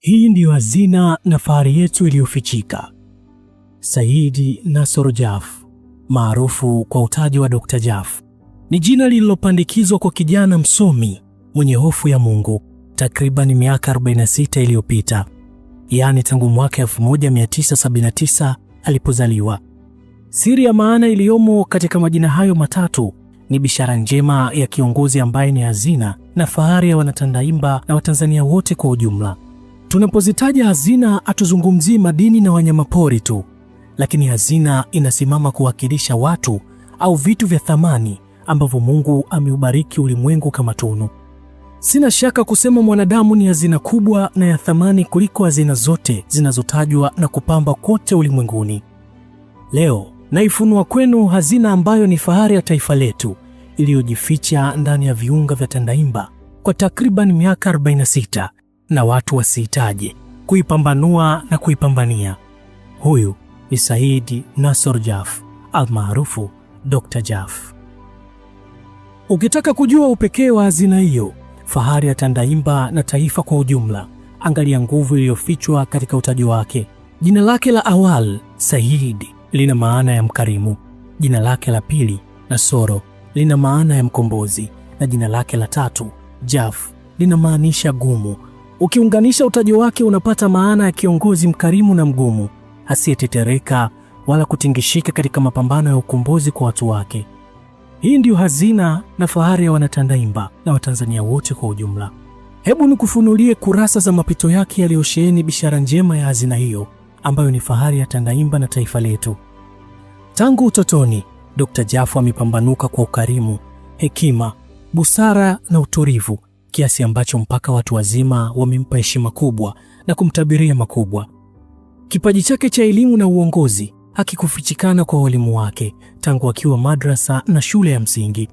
Hii ndiyo hazina na fahari yetu iliyofichika. Saidi Nasoro Jaf, maarufu kwa utaji wa Dr. Jaf, ni jina lililopandikizwa kwa kijana msomi mwenye hofu ya Mungu takriban miaka 46 iliyopita, yaani tangu mwaka 1979 alipozaliwa. Siri ya maana iliyomo katika majina hayo matatu ni bishara njema ya kiongozi ambaye ni hazina na fahari ya Wanatandaimba na Watanzania wote kwa ujumla. Tunapozitaja hazina, hatuzungumzii madini na wanyamapori tu, lakini hazina inasimama kuwakilisha watu au vitu vya thamani ambavyo Mungu ameubariki ulimwengu kama tunu. Sina shaka kusema mwanadamu ni hazina kubwa na ya thamani kuliko hazina zote zinazotajwa na kupamba kote ulimwenguni. Leo naifunua kwenu hazina ambayo ni fahari ya taifa letu iliyojificha ndani ya viunga vya Tandaimba kwa takriban miaka 46 na watu wasihitaji kuipambanua na kuipambania. Huyu ni Saidi Nasor Jaf almaarufu Dr. Jaf. Ukitaka kujua upekee wa hazina hiyo, fahari ya Tandaimba na taifa kwa ujumla, angalia nguvu iliyofichwa katika utaji wake. Jina lake la awal Saidi lina maana ya mkarimu, jina lake la pili Nasoro lina maana ya mkombozi, na jina lake la tatu Jaf linamaanisha gumu Ukiunganisha utajo wake unapata maana ya kiongozi mkarimu na mgumu, asiyetetereka wala kutingishika katika mapambano ya ukombozi kwa watu wake. Hii ndiyo hazina na fahari ya Wanatandaimba na Watanzania wote kwa ujumla. Hebu nikufunulie kurasa za mapito yake yaliyosheheni bishara njema ya hazina hiyo ambayo ni fahari ya Tandaimba na taifa letu. Tangu utotoni, Dr. Jafo amepambanuka kwa ukarimu, hekima, busara na utulivu kiasi ambacho mpaka watu wazima wamempa heshima kubwa na kumtabiria makubwa. Kipaji chake cha elimu na uongozi hakikufichikana kwa walimu wake tangu akiwa madrasa na shule ya msingi.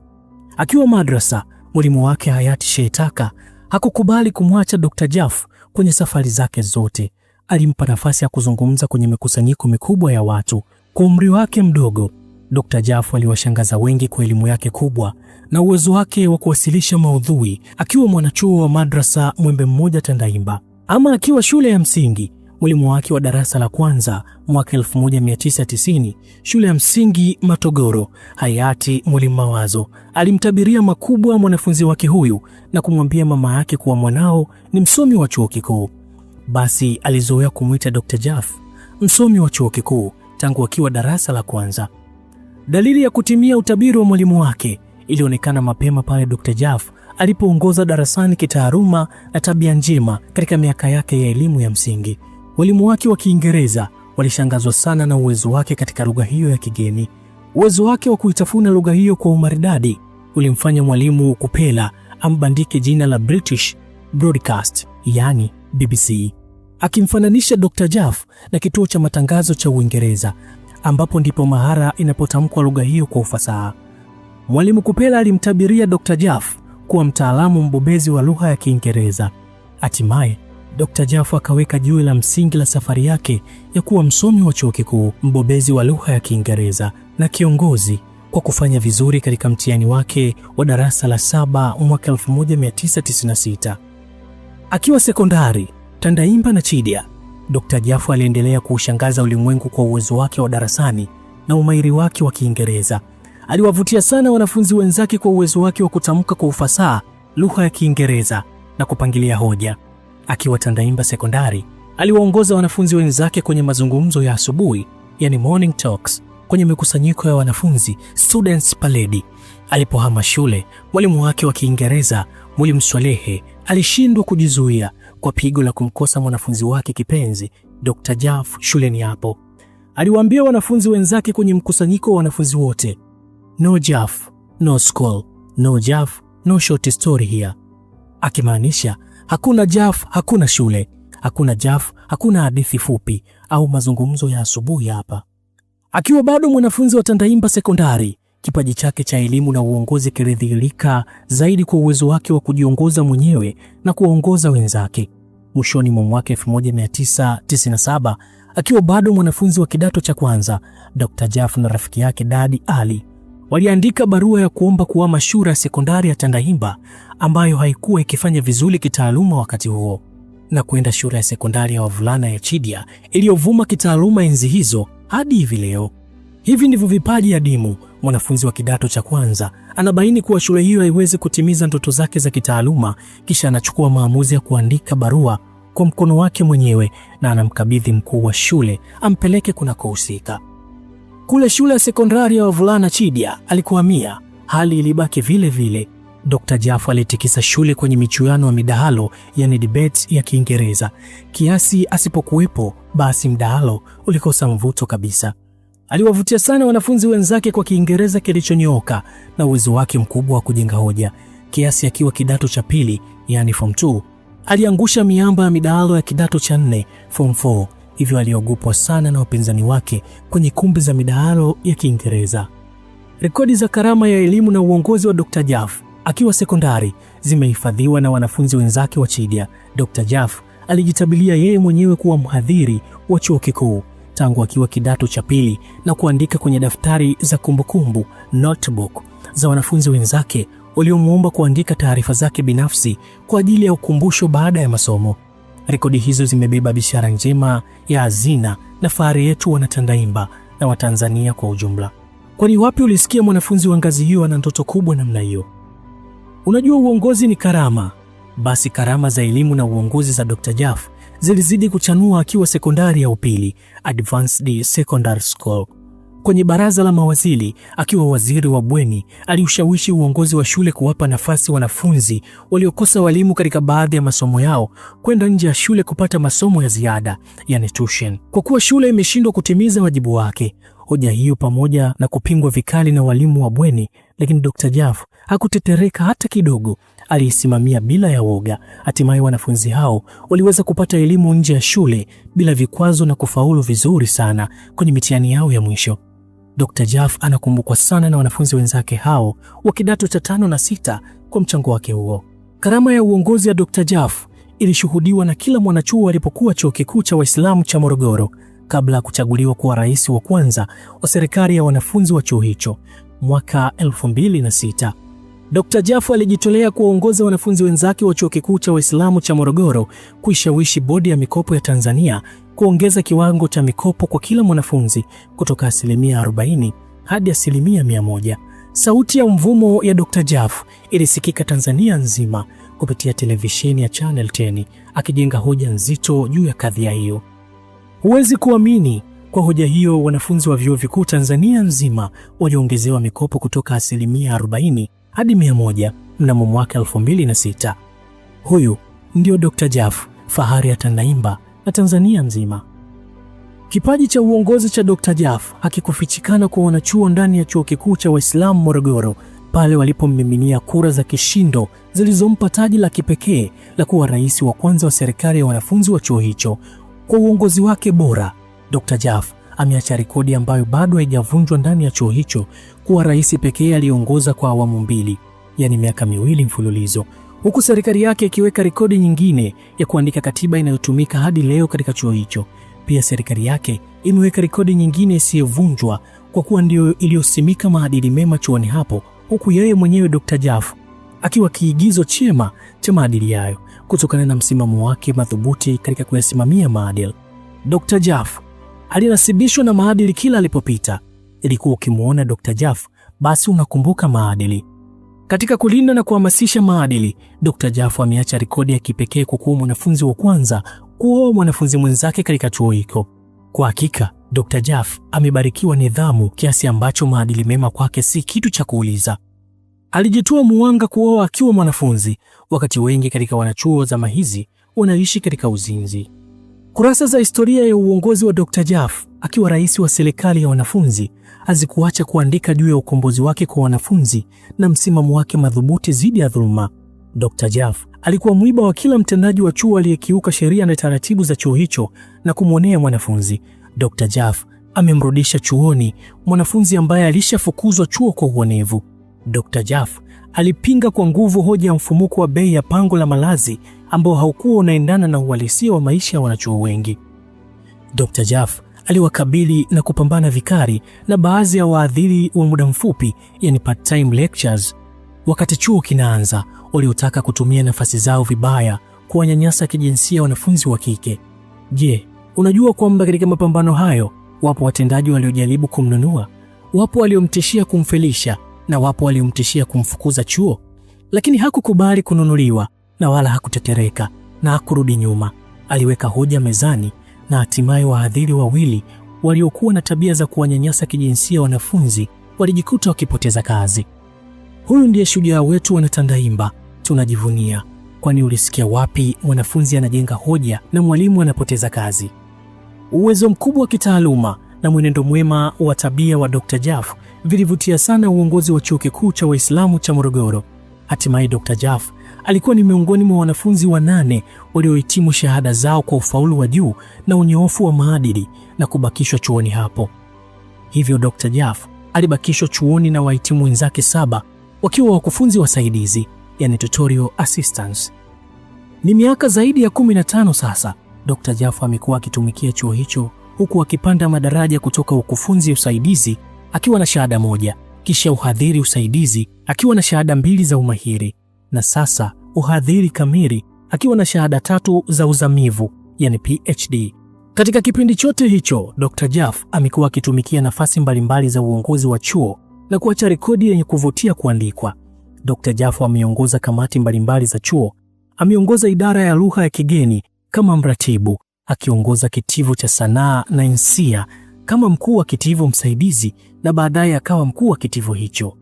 Akiwa madrasa, mwalimu wake hayati Sheitaka hakukubali kumwacha Dr. jaff kwenye safari zake zote. Alimpa nafasi ya kuzungumza kwenye mikusanyiko mikubwa ya watu. Kwa umri wake mdogo Dr. Jafu aliwashangaza wengi kwa elimu yake kubwa na uwezo wake wa kuwasilisha maudhui akiwa mwanachuo wa madrasa Mwembe Mmoja Tandaimba. Ama akiwa shule ya msingi, mwalimu wake wa darasa la kwanza mwaka 1990 shule ya msingi Matogoro, hayati Mwalimu Mawazo alimtabiria makubwa mwanafunzi wake huyu na kumwambia mama yake kuwa mwanao ni msomi wa chuo kikuu. Basi alizoea kumwita Dr. Jaf msomi wa chuo kikuu tangu akiwa darasa la kwanza. Dalili ya kutimia utabiri wa mwalimu wake ilionekana mapema pale Dr. jaff alipoongoza darasani kitaaluma na tabia njema katika miaka yake ya elimu ya msingi. Walimu wake wa Kiingereza walishangazwa sana na uwezo wake katika lugha hiyo ya kigeni. Uwezo wake wa kuitafuna lugha hiyo kwa umaridadi ulimfanya mwalimu Kupela ambandike jina la British Broadcast, yani BBC, akimfananisha Dr. jaff na kituo cha matangazo cha Uingereza ambapo ndipo mahara inapotamkwa lugha hiyo kwa ufasaha. Mwalimu Kupela alimtabiria Dr. jaff kuwa mtaalamu mbobezi wa lugha ya Kiingereza. Hatimaye Dr. jaff akaweka jiwe la msingi la safari yake ya kuwa msomi wa chuo kikuu, mbobezi wa lugha ya Kiingereza na kiongozi kwa kufanya vizuri katika mtihani wake wa darasa la saba mwaka 1996. Akiwa sekondari, Tandaimba na Chidia Dr. jafu aliendelea kuushangaza ulimwengu kwa uwezo wake wa darasani na umahiri wake wa Kiingereza. Aliwavutia sana wanafunzi wenzake kwa uwezo wake wa kutamka kwa ufasaha lugha ya Kiingereza na kupangilia hoja. Akiwa Tandaimba Sekondari, aliwaongoza wanafunzi wenzake kwenye mazungumzo ya asubuhi, yani morning talks, kwenye mikusanyiko ya wanafunzi students paledi. Alipohama shule, mwalimu wake wa Kiingereza Mwalimu Swalehe alishindwa kujizuia kwa pigo la kumkosa mwanafunzi wake kipenzi Dr. Jaff shuleni hapo. Aliwaambia wanafunzi wenzake kwenye mkusanyiko wa wanafunzi wote, no Jaff, no school, no Jaff, no short story here, akimaanisha hakuna Jaff, hakuna shule, hakuna Jaff, hakuna hadithi fupi au mazungumzo ya asubuhi hapa. Akiwa bado mwanafunzi wa Tandaimba Sekondari, kipaji chake cha elimu na uongozi kilidhihirika zaidi kwa uwezo wake wa kujiongoza mwenyewe na kuwaongoza wenzake mwishoni mwa mwaka 1997 akiwa bado mwanafunzi wa kidato cha kwanza. Dr. jaff na rafiki yake Dadi Ali waliandika barua ya kuomba kuwa mashura ya sekondari ya Tandahimba ambayo haikuwa ikifanya vizuri kitaaluma wakati huo, na kwenda shule ya sekondari ya wavulana ya Chidia iliyovuma kitaaluma enzi hizo hadi hivi leo. Hivi ndivyo vipaji adimu. Mwanafunzi wa kidato cha kwanza anabaini kuwa shule hiyo haiwezi kutimiza ndoto zake za kitaaluma, kisha anachukua maamuzi ya kuandika barua kwa mkono wake mwenyewe na anamkabidhi mkuu wa shule ampeleke kunakohusika. Kule shule ya sekondari ya wavulana Chidia alikuhamia, hali ilibaki vile vile. Dr. Jafu alitikisa shule kwenye michuano ya midahalo, yani debate ya Kiingereza, kiasi asipokuwepo basi mdahalo ulikosa mvuto kabisa. Aliwavutia sana wanafunzi wenzake kwa Kiingereza kilichonyooka na uwezo wake mkubwa wa kujenga hoja, kiasi akiwa kidato cha pili, yani form 2, aliangusha miamba ya midahalo ya kidato cha nne, form 4. Hivyo aliogopwa sana na wapinzani wake kwenye kumbi za midahalo ya Kiingereza. Rekodi za karama ya elimu na uongozi wa Dr. Jaff akiwa sekondari zimehifadhiwa na wanafunzi wenzake wa Chidia. Dr. Jaff alijitabilia yeye mwenyewe kuwa mhadhiri wa chuo kikuu tangu akiwa kidato cha pili na kuandika kwenye daftari za kumbukumbu notebook za wanafunzi wenzake waliomwomba kuandika taarifa zake binafsi kwa ajili ya ukumbusho baada ya masomo. Rekodi hizo zimebeba bishara njema ya hazina na fahari yetu Wanatandaimba na Watanzania kwa ujumla. Kwani wapi ulisikia mwanafunzi wa ngazi hiyo ana ndoto kubwa namna hiyo? Unajua, uongozi ni karama. Basi karama za elimu na uongozi za Dr. Jaff zilizidi kuchanua akiwa sekondari ya upili Advanced Secondary School. Kwenye baraza la mawaziri, akiwa waziri wa bweni, aliushawishi uongozi wa shule kuwapa nafasi wanafunzi waliokosa walimu katika baadhi ya masomo yao kwenda nje ya shule kupata masomo ya ziada, yani tuition, kwa kuwa shule imeshindwa kutimiza wajibu wake. Hoja hiyo pamoja na kupingwa vikali na walimu wa bweni, lakini Dr. jaf hakutetereka hata kidogo, aliisimamia bila ya woga. Hatimaye wanafunzi hao waliweza kupata elimu nje ya shule bila vikwazo na kufaulu vizuri sana kwenye mitihani yao ya mwisho. Dr. Jaf anakumbukwa sana na wanafunzi wenzake hao wa kidato cha tano na sita kwa mchango wake huo. Karama ya uongozi ya Dr. Jaf ilishuhudiwa na kila mwanachuo alipokuwa Chuo Kikuu cha Waislamu cha Morogoro kabla ya kuchaguliwa kuwa rais wa kwanza wa serikali ya wanafunzi wa chuo hicho mwaka 2006. Dr. Jafu alijitolea kuwaongoza wanafunzi wenzake wa Chuo Kikuu cha Waislamu cha Morogoro kuishawishi Bodi ya Mikopo ya Tanzania kuongeza kiwango cha mikopo kwa kila mwanafunzi kutoka asilimia 40 hadi asilimia 100. Sauti ya mvumo ya Dr. Jafu ilisikika Tanzania nzima kupitia televisheni ya Channel 10 akijenga hoja nzito juu ya kadhia hiyo. Huwezi kuamini, kwa hoja hiyo wanafunzi wa vyuo vikuu Tanzania nzima waliongezewa mikopo kutoka asilimia 40 hadi 100 mnamo mwaka 2006. Huyu ndio Dr. Jaf, fahari ya Tanaimba na Tanzania nzima. Kipaji cha uongozi cha Dr. Jaf hakikufichikana kwa wanachuo ndani ya chuo kikuu cha Waislamu Morogoro pale walipommiminia kura za kishindo zilizompa taji la kipekee la kuwa rais wa kwanza wa serikali ya wanafunzi wa chuo hicho. Kwa uongozi wake bora, Dr. Jaf ameacha rekodi ambayo bado haijavunjwa ndani ya chuo hicho kuwa rais pekee aliyeongoza kwa awamu mbili, yaani miaka miwili mfululizo, huku serikali yake ikiweka rekodi nyingine ya kuandika katiba inayotumika hadi leo katika chuo hicho. Pia serikali yake imeweka rekodi nyingine isiyovunjwa kwa kuwa ndiyo iliyosimika maadili mema chuoni hapo, huku yeye mwenyewe Dr. Jaff akiwa kiigizo chema cha maadili yayo kutokana na msimamo wake madhubuti katika kuyasimamia maadili. Dr. Jaff alinasibishwa na maadili kila alipopita. Ilikuwa ukimwona Dr. Jaff basi unakumbuka maadili. Katika kulinda na kuhamasisha maadili, Dr. Jaf ameacha rekodi ya kipekee kwa kuwa mwanafunzi wa kwanza kuoa mwanafunzi mwenzake katika chuo hicho. Kwa hakika Dr. jaff amebarikiwa nidhamu kiasi ambacho maadili mema kwake si kitu cha kuuliza. Alijitoa muwanga kuoa akiwa mwanafunzi, wakati wengi katika wanachuo zama hizi wanaishi katika uzinzi. Kurasa za historia ya uongozi wa Dr. jaff akiwa rais wa serikali ya wanafunzi hazikuacha kuandika juu ya ukombozi wake kwa wanafunzi na msimamo wake madhubuti dhidi ya dhuluma. Dr. Jaff alikuwa mwiba wa kila mtendaji wa chuo aliyekiuka sheria na taratibu za chuo hicho na kumwonea mwanafunzi. Dr. jaff amemrudisha chuoni mwanafunzi ambaye alishafukuzwa chuo kwa uonevu. Dr. jaff alipinga kwa nguvu hoja ya mfumuko wa bei ya pango la malazi ambao haukuwa unaendana na uhalisia wa maisha ya wanachuo wengi. Dr. Jaff aliwakabili na kupambana vikali na baadhi ya waadhiri wa muda mfupi, yani part-time lectures, wakati chuo kinaanza, waliotaka kutumia nafasi zao vibaya kuwanyanyasa kijinsia wanafunzi wa kike. Je, unajua kwamba katika mapambano hayo wapo watendaji waliojaribu kumnunua, wapo waliomtishia kumfelisha na wapo waliomtishia kumfukuza chuo, lakini hakukubali kununuliwa na wala hakutetereka na hakurudi nyuma. Aliweka hoja mezani na hatimaye wahadhiri wawili waliokuwa na tabia za kuwanyanyasa kijinsia wanafunzi walijikuta wakipoteza kazi. Huyu ndiye shujaa wetu wanatandaimba, tunajivunia. Kwani ulisikia wapi mwanafunzi anajenga hoja na mwalimu anapoteza kazi? Uwezo mkubwa wa kitaaluma na mwenendo mwema wa tabia wa Dr. Jaf vilivutia sana uongozi wa Chuo Kikuu cha Waislamu cha Morogoro. Hatimaye Dr. Jaff Alikuwa ni miongoni mwa wanafunzi wanane waliohitimu shahada zao kwa ufaulu wa juu na unyoofu wa maadili na kubakishwa chuoni hapo. Hivyo Dr. Jaf alibakishwa chuoni na wahitimu wenzake saba wakiwa wakufunzi wasaidizi, yani tutorial assistants. Ni miaka zaidi ya 15 sasa Dr. Jaf amekuwa akitumikia chuo hicho huku akipanda madaraja kutoka ukufunzi usaidizi akiwa na shahada moja, kisha uhadhiri usaidizi akiwa na shahada mbili za umahiri na sasa uhadhiri kamili akiwa na shahada tatu za uzamivu, yani PhD. Katika kipindi chote hicho, Dr. Jaff amekuwa akitumikia nafasi mbalimbali za uongozi wa chuo na kuacha rekodi yenye kuvutia kuandikwa. Dr. Jaff ameongoza kamati mbalimbali za chuo, ameongoza idara ya lugha ya kigeni kama mratibu, akiongoza kitivo cha sanaa na insia kama mkuu wa kitivo msaidizi na baadaye akawa mkuu wa kitivo hicho.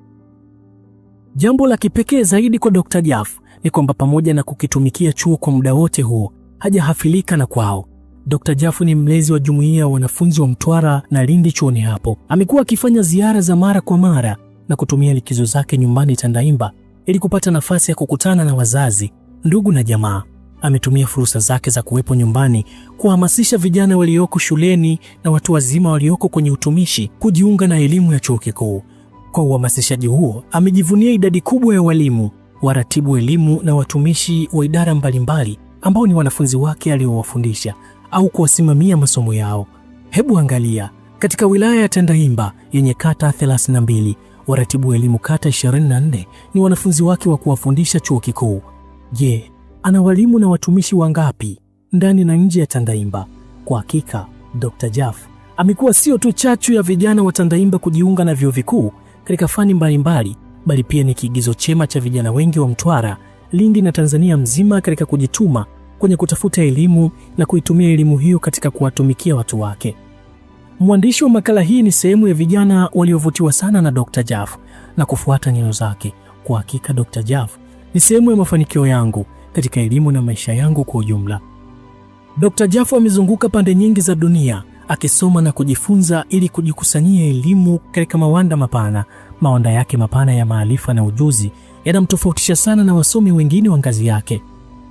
Jambo la kipekee zaidi kwa Dr. Jaff ni kwamba pamoja na kukitumikia chuo kwa muda wote huo, hajahafilika na kwao. Dr. Jaff ni mlezi wa jumuiya ya wanafunzi wa Mtwara na Lindi chuoni hapo. Amekuwa akifanya ziara za mara kwa mara na kutumia likizo zake nyumbani Tandaimba ili kupata nafasi ya kukutana na wazazi, ndugu na jamaa. Ametumia fursa zake za kuwepo nyumbani kuhamasisha vijana walioko shuleni na watu wazima walioko kwenye utumishi kujiunga na elimu ya chuo kikuu. Kwa uhamasishaji huo amejivunia idadi kubwa ya walimu, waratibu elimu na watumishi wa idara mbalimbali ambao ni wanafunzi wake aliowafundisha au kuwasimamia masomo yao. Hebu angalia katika wilaya ya Tandahimba yenye kata 32 waratibu wa elimu kata 24 ni wanafunzi wake wa kuwafundisha chuo kikuu. Je, ana walimu na watumishi wangapi ndani na nje ya Tandahimba? Kwa hakika Dr. Jaff amekuwa sio tu chachu ya vijana wa Tandahimba kujiunga na vyuo vikuu, katika fani mbalimbali, bali pia ni kiigizo chema cha vijana wengi wa Mtwara, Lindi na Tanzania mzima katika kujituma kwenye kutafuta elimu na kuitumia elimu hiyo katika kuwatumikia watu wake. Mwandishi wa makala hii ni sehemu ya vijana waliovutiwa sana na Dr. jaff na kufuata nyayo zake. Kwa hakika Dr. Jaff ni sehemu ya mafanikio yangu katika elimu na maisha yangu kwa ujumla. Dr. jaff amezunguka pande nyingi za dunia akisoma na kujifunza ili kujikusanyia elimu katika mawanda mapana. Mawanda yake mapana ya maarifa na ujuzi yanamtofautisha sana na wasomi wengine wa ngazi yake.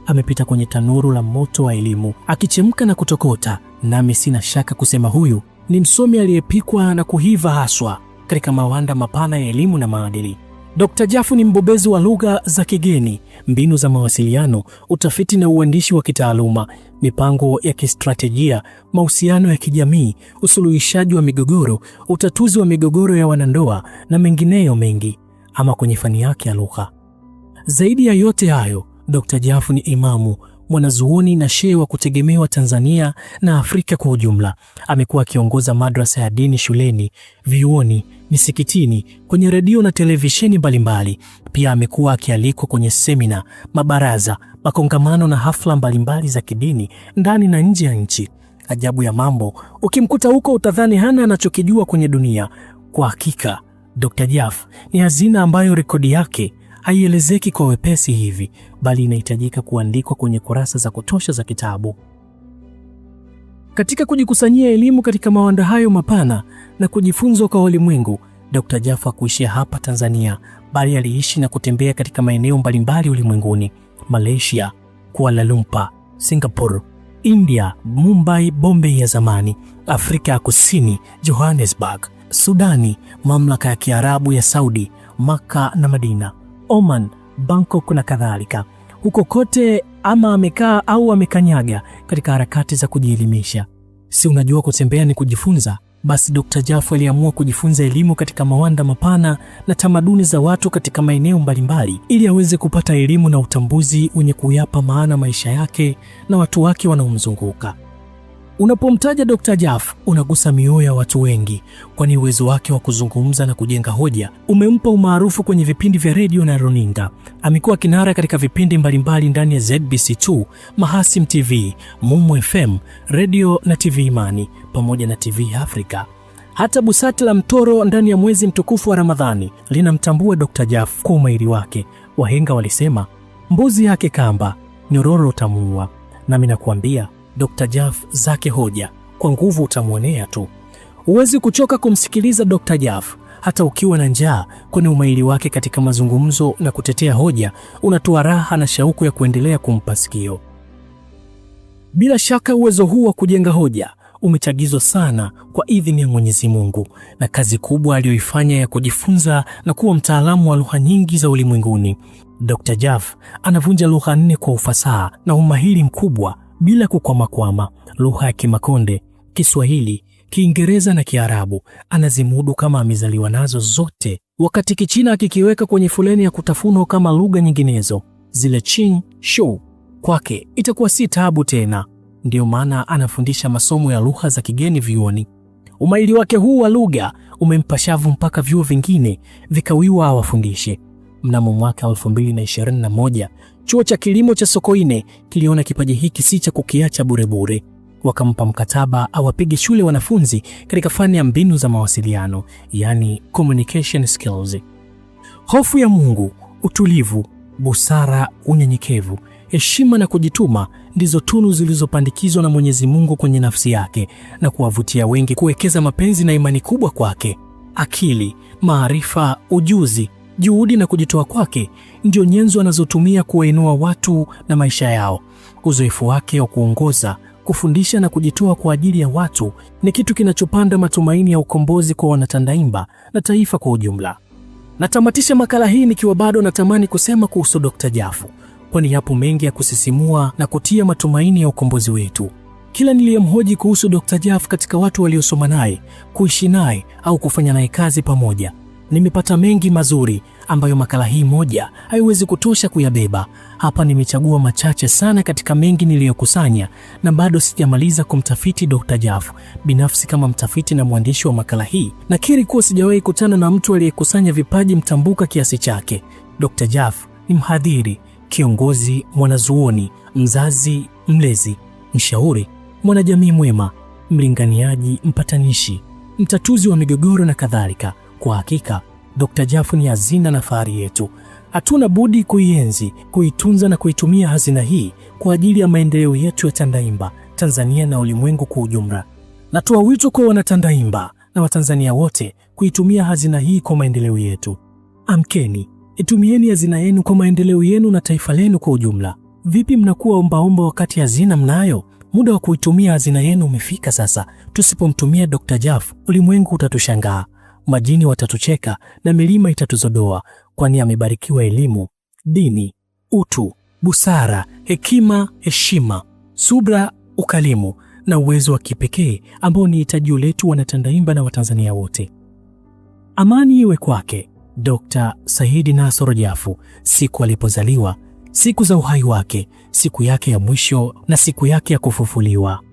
Amepita kwenye tanuru la moto wa elimu akichemka na kutokota, nami sina shaka kusema huyu ni msomi aliyepikwa na kuhiva haswa katika mawanda mapana ya elimu na maadili. Dr. Jafu ni mbobezi wa lugha za kigeni, mbinu za mawasiliano, utafiti na uandishi wa kitaaluma, mipango ya kistratejia, mahusiano ya kijamii, usuluhishaji wa migogoro, utatuzi wa migogoro ya wanandoa na mengineyo mengi, ama kwenye fani yake ya lugha. Zaidi ya yote hayo, Dr. Jafu ni imamu mwanazuoni na shehe wa kutegemewa Tanzania na Afrika kwa ujumla. Amekuwa akiongoza madrasa ya dini shuleni, vyuoni misikitini, kwenye redio na televisheni mbalimbali. Pia amekuwa akialikwa kwenye semina, mabaraza, makongamano na hafla mbalimbali za kidini ndani na nje ya nchi. Ajabu ya mambo, ukimkuta huko utadhani hana anachokijua kwenye dunia. Kwa hakika, Dr. Jaf ni hazina ambayo rekodi yake haielezeki kwa wepesi hivi, bali inahitajika kuandikwa kwenye kurasa za kutosha za kitabu. Katika kujikusanyia elimu katika mawanda hayo mapana na kujifunzwa kwa walimwengu, Dr. jaffa hakuishia hapa Tanzania, bali aliishi na kutembea katika maeneo mbalimbali ulimwenguni: Malaysia, Kuala Lumpur, Singapore, India, Mumbai, Bombay ya zamani, Afrika ya Kusini, Johannesburg, Sudani, mamlaka ya Kiarabu ya Saudi, makka na Madina, Oman, Bangkok na kadhalika. Huko kote ama amekaa au amekanyaga katika harakati za kujielimisha. Si unajua kutembea ni kujifunza? Basi Dr. Jafo aliamua kujifunza elimu katika mawanda mapana na tamaduni za watu katika maeneo mbalimbali ili aweze kupata elimu na utambuzi wenye kuyapa maana maisha yake na watu wake wanaomzunguka. Unapomtaja Dr. Jaf unagusa mioyo ya watu wengi, kwani uwezo wake wa kuzungumza na kujenga hoja umempa umaarufu kwenye vipindi vya redio na runinga. Amekuwa kinara katika vipindi mbalimbali ndani ya ZBC2, Mahasim TV, Mumu FM, redio na TV Imani pamoja na TV Afrika. Hata busati la mtoro ndani ya mwezi mtukufu wa Ramadhani linamtambua Dr. Jaf kwa umahiri wake. Wahenga walisema mbuzi yake kamba nyororo utamuua, nami nakuambia Dr. Jaf zake hoja kwa nguvu utamwonea tu. Huwezi kuchoka kumsikiliza Dr. jaff hata ukiwa na njaa, kwani umaili wake katika mazungumzo na kutetea hoja unatoa raha na shauku ya kuendelea kumpa sikio. Bila shaka uwezo huu wa kujenga hoja umechagizwa sana kwa idhini ya Mwenyezi Mungu na kazi kubwa aliyoifanya ya kujifunza na kuwa mtaalamu wa lugha nyingi za ulimwenguni. Dr. jaff anavunja lugha nne kwa ufasaha na umahiri mkubwa bila kukwamakwama, lugha ya Kimakonde, Kiswahili, Kiingereza na Kiarabu. Anazimudu kama amezaliwa nazo zote, wakati Kichina akikiweka kwenye foleni ya kutafunwa kama lugha nyinginezo. Zile Qing show kwake itakuwa si taabu tena. Ndiyo maana anafundisha masomo ya lugha za kigeni vyuoni. Umahiri wake huu wa lugha umempa shavu mpaka vyuo vingine vikawiwa awafundishe. Mnamo mwaka 2021 chuo cha kilimo cha Sokoine kiliona kipaji hiki si cha kukiacha burebure, wakampa mkataba awapige shule wanafunzi katika fani ya mbinu za mawasiliano, yani communication skills. Hofu ya Mungu, utulivu, busara, unyenyekevu, heshima na kujituma ndizo tunu zilizopandikizwa na Mwenyezi Mungu kwenye nafsi yake na kuwavutia wengi kuwekeza mapenzi na imani kubwa kwake. Akili, maarifa, ujuzi Juhudi na kujitoa kwake ndio nyenzo anazotumia kuwainua watu na maisha yao. Uzoefu wake wa kuongoza, kufundisha na kujitoa kwa ajili ya watu ni kitu kinachopanda matumaini ya ukombozi kwa wanatandaimba na taifa kwa ujumla. Natamatisha makala hii nikiwa bado natamani kusema kuhusu Dr. Jafu, kwani yapo mengi ya kusisimua na kutia matumaini ya ukombozi wetu. Kila niliyemhoji kuhusu Dr. jafu katika watu waliosoma naye, kuishi naye au kufanya naye kazi pamoja nimepata mengi mazuri ambayo makala hii moja haiwezi kutosha kuyabeba. Hapa nimechagua machache sana katika mengi niliyokusanya, na bado sijamaliza kumtafiti Dr. jaff Binafsi kama mtafiti na mwandishi wa makala hii, nakiri kuwa sijawahi kutana na mtu aliyekusanya vipaji mtambuka kiasi chake. Dr. Jafo ni mhadhiri, kiongozi, mwanazuoni, mzazi, mlezi, mshauri, mwanajamii mwema, mlinganiaji, mpatanishi, mtatuzi wa migogoro na kadhalika. Kwa hakika Dr. Jafu ni hazina na fahari yetu. Hatuna budi kuienzi, kuitunza na kuitumia hazina hii kwa ajili ya maendeleo yetu ya Tandaimba, Tanzania na ulimwengu kwa ujumla. Natoa wito kwa Wanatandaimba na Watanzania wote kuitumia hazina hii kwa maendeleo yetu. Amkeni, itumieni hazina yenu kwa maendeleo yenu na taifa lenu kwa ujumla. Vipi mnakuwa ombaomba wakati hazina mnayo? Muda wa kuitumia hazina yenu umefika sasa. Tusipomtumia Dr. Jaff, ulimwengu utatushangaa majini watatucheka na milima itatuzodoa, kwani amebarikiwa elimu, dini, utu, busara, hekima, heshima, subra, ukalimu na uwezo wa kipekee ambao ni hitajio letu wanatandaimba na Watanzania wote. Amani iwe kwake Dr. Saidi Nasoro Jafu, siku alipozaliwa, siku za uhai wake, siku yake ya mwisho na siku yake ya kufufuliwa.